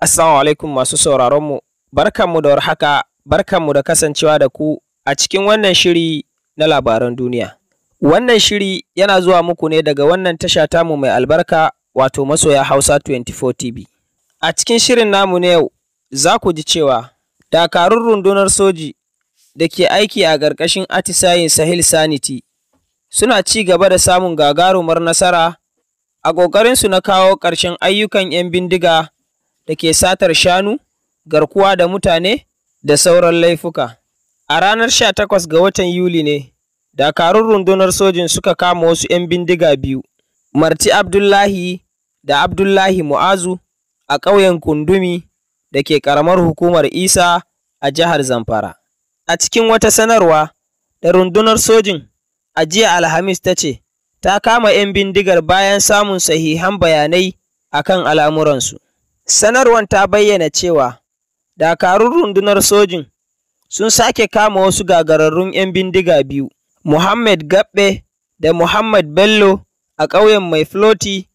Assalamu alaikum masu sauraronmu, mu da warhaka, mu da kasancewa da ku a cikin wannan shiri na labaran duniya. Wannan shiri yana zuwa muku ne daga wannan tasha tamu mai albarka wato masoya Hausa 24 TV. A cikin shirin namu na yau, za ku ji cewa dakarun rundunar soji da ke aiki a ƙarƙashin atisayin Sahil Saniti, suna ci gaba da samun gagarumar nasara a ƙoƙarinsu na kawo ƙarshen ayyukan 'yan bindiga da ke satar shanu, garkuwa da mutane, da sauran laifuka. A ranar sha takwas ga watan Yuli ne, dakarun rundunar sojin suka kama wasu ‘yan bindiga biyu, Marti Abdullahi da Abdullahi Mu'azu a ƙauyen Kundumi da ke ƙaramar hukumar Isa a jihar Zamfara. A cikin wata sanarwa da rundunar sojin a jiya Alhamis ta ce, ta kama ‘yan bindigar bayan samun sahihan bayanai a kan al'amuransu. Sanarwar ta bayyana cewa dakarun rundunar sojin sun sake kama wasu gagararrun 'yan bindiga biyu, Muhammad Gabbe da Muhammad Bello a ƙauyen Mai Floti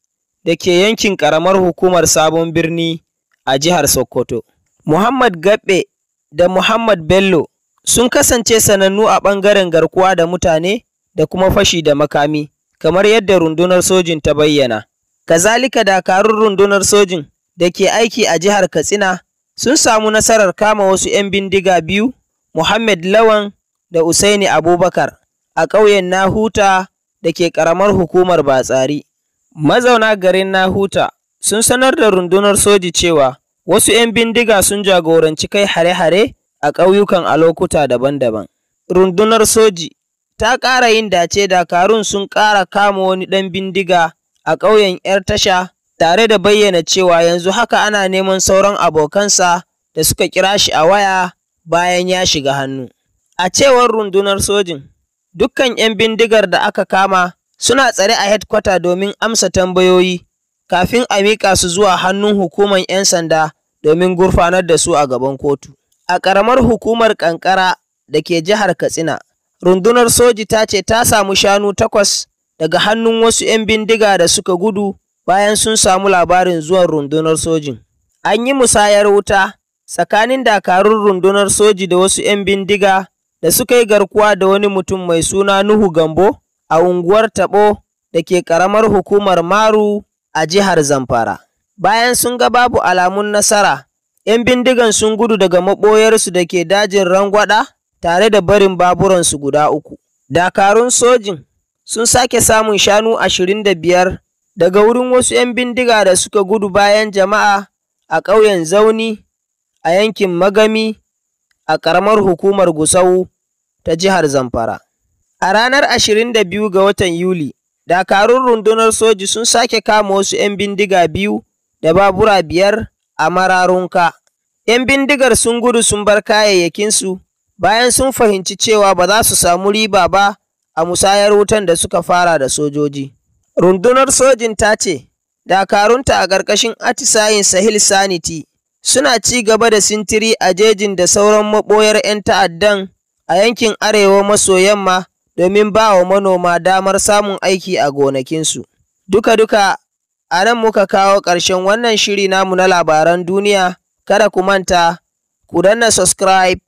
da ke yankin ƙaramar hukumar Sabon Birni a jihar Sokoto. Muhammad Gabbe da Muhammad Bello sun kasance sanannu a ɓangaren garkuwa da mutane da kuma fashi da makami, kamar yadda rundunar sojin ta bayyana. Kazalika dakarun rundunar sojin da ke aiki a jihar Katsina sun samu nasarar kama wasu 'yan bindiga biyu, Muhammad Lawan da Usaini Abubakar, a ƙauyen Nahuta da ke ƙaramar hukumar Batsari. Mazauna garin Nahuta sun sanar da rundunar soji cewa wasu 'yan bindiga sun jagoranci kai hare-hare a ƙauyukan a lokuta daban-daban. Rundunar soji ta ƙara yin dace dakarun sun ƙara kama wani ɗan bindiga a ƙauyen 'yar tasha tare da bayyana cewa yanzu haka ana neman sauran abokansa da suka kira shi a waya bayan ya shiga hannu. A cewar rundunar sojin, dukkan 'yan bindigar da aka kama suna tsare a headquarter domin amsa tambayoyi kafin a miƙa su zuwa hannun hukumar 'yan sanda domin gurfanar da su a gaban kotu. A ƙaramar hukumar ƙanƙara da ke jihar Katsina, rundunar soji ta ce ta samu shanu takwas daga hannun wasu 'yan bindiga da suka gudu bayan sun samu labarin zuwan rundunar sojin. An yi musayar wuta tsakanin dakarun rundunar soji da wasu ‘yan bindiga da suka yi garkuwa da wani mutum mai suna Nuhu Gambo a unguwar Taɓo da ke ƙaramar hukumar Maru a jihar Zamfara. Bayan sun ga babu alamun nasara, ‘yan bindigan sun gudu daga maɓoyarsu da ke dajin Rangwada tare da barin baburansu guda uku. Dakarun sojin sun sake samun shanu ashirin da biyar daga wurin wasu ‘yan bindiga da suka gudu bayan jama'a a ƙauyen Zauni a yankin Magami a ƙaramar hukumar Gusau ta jihar Zamfara. A ranar 22 ga watan Yuli, dakarun rundunar soji sun sake kama wasu ‘yan bindiga biyu da babura biyar a mararunka. ‘Yan bindigar sun gudu sun bar kayayyakinsu bayan sun fahimci cewa ba za su samu riba ba a musayar wutan da suka fara da sojoji. Rundunar sojin ta ce, dakarunta a ƙarƙashin atisayin Sahil Saniti, suna ci gaba da sintiri a jejin da sauran maɓoyar 'yan ta'addan a yankin arewa maso yamma domin ba wa manoma damar samun aiki a gonakinsu. Duka-duka a nan muka kawo ƙarshen wannan shiri namu na labaran duniya, kada ku manta, ku danna subscribe,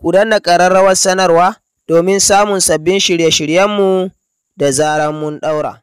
ku danna ƙararrawar sanarwa domin samun sabbin shirye-shiryenmu da zaran mun ɗaura.